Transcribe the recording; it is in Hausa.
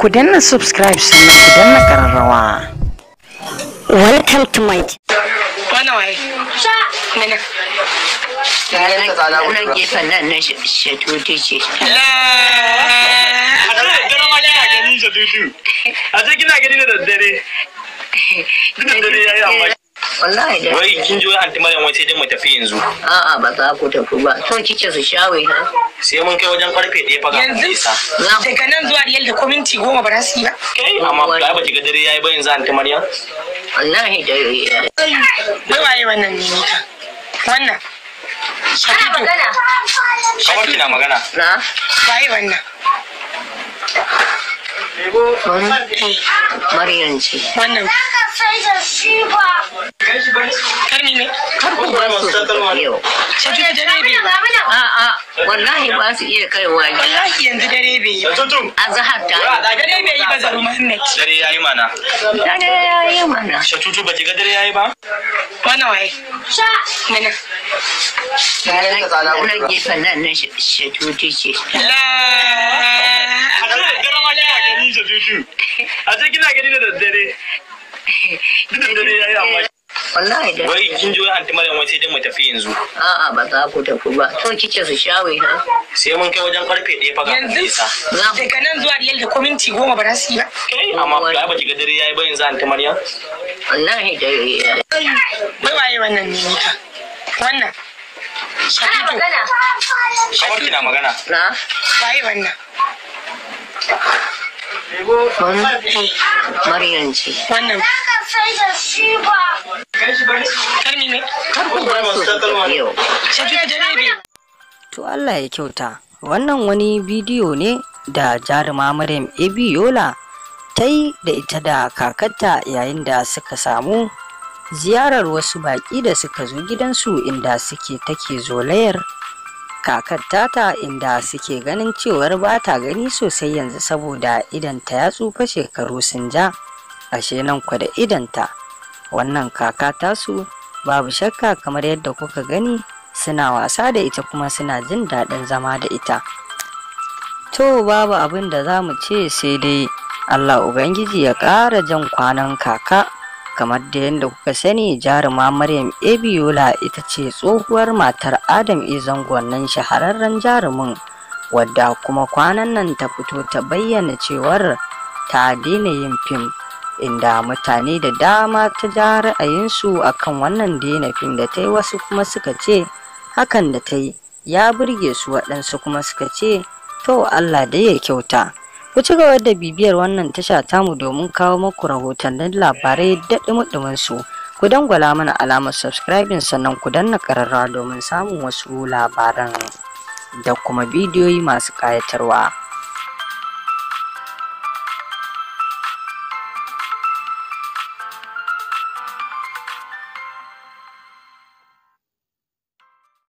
ku danna subscribe sannan ku danna kararrawa welcome to my wani waye mana nan gefen nan na shadudu ce a a ce kina gani da daddare daddare ya yi amma wallahi da wai kin ji wai anti maryam wai sai dai mu tafi yanzu a'a ba za ku tafi ba son kike su shawe ha sai mun kai wajen karfe ɗaya faga yanzu daga nan zuwa riyal da kwaminti goma ba za su yi ba kai amma ba ba ki ga dare yayi ba yanzu an ta maryam wallahi dare yayi wai waye wannan ne wannan Shakitu. Kawar kina magana. Na. Waye wannan? Maryam ce. Wannan. Karni ne? Karku ba su yau. Shakitu da A'a. wallahi ba su iya kaiwa gida wallahi yanzu dare bai yi a azhar ta dare bai yi ba zaru muhammad dare yayi mana dare yayi mana shatutu ba ki ga dare yayi ba wannan waye sha mana wannan gefen nan na tutu ce a ce kina gani da daddare duk da dare yayi amma wallahi da kin ji anti maryam wai sai dai mu tafi yanzu a'a ba za ku tafi ba to kice su shawe ha sai mun kai wajen karfe ɗaya fa yanzu daga nan zuwa riyal da kwaminti goma ba za su yi ba amma ba ba ki ga dare yayi ba yanzu anti maryam wallahi da bai waye wannan ne ka wannan Shafitu. magana. Na? Waye wannan? Maryam ce. Wannan. To Allah ya kyauta. Wannan wani bidiyo ne da jaruma Maryam Ebiola ta yi da ita da kakarta yayin da suka samu ziyarar wasu baƙi da suka zo gidansu inda suke take zolayar kakar tata inda suke ganin cewar ba ta gani sosai yanzu saboda idanta ya tsufa shekaru sun ja ashe nan ku da idanta wannan kaka tasu babu shakka kamar yadda kuka gani suna wasa da ita kuma suna jin daɗin zama da ita to babu abin da za mu ce sai dai allah ubangiji ya ƙara jan kwanan kaka kamar da yadda kuka sani jaruma maryam abiola ita ce tsohuwar matar adam e nan shahararren jarumin wadda kuma kwanan nan ta fito ta bayyana cewar ta daina yin fim inda mutane da dama ta ja ra'ayinsu akan wannan daina fim da ta yi wasu kuma suka ce hakan da ta yi ya burge su waɗansu kuma suka ce to allah da ya kyauta Ku ci gaba da bibiyar wannan tasha tamu domin kawo muku rahotannin labarai daɗi su. Ku dangwala mana alamar subscribing sannan ku danna ƙararrawa domin samun wasu labaran da kuma bidiyoyi masu ƙayatarwa.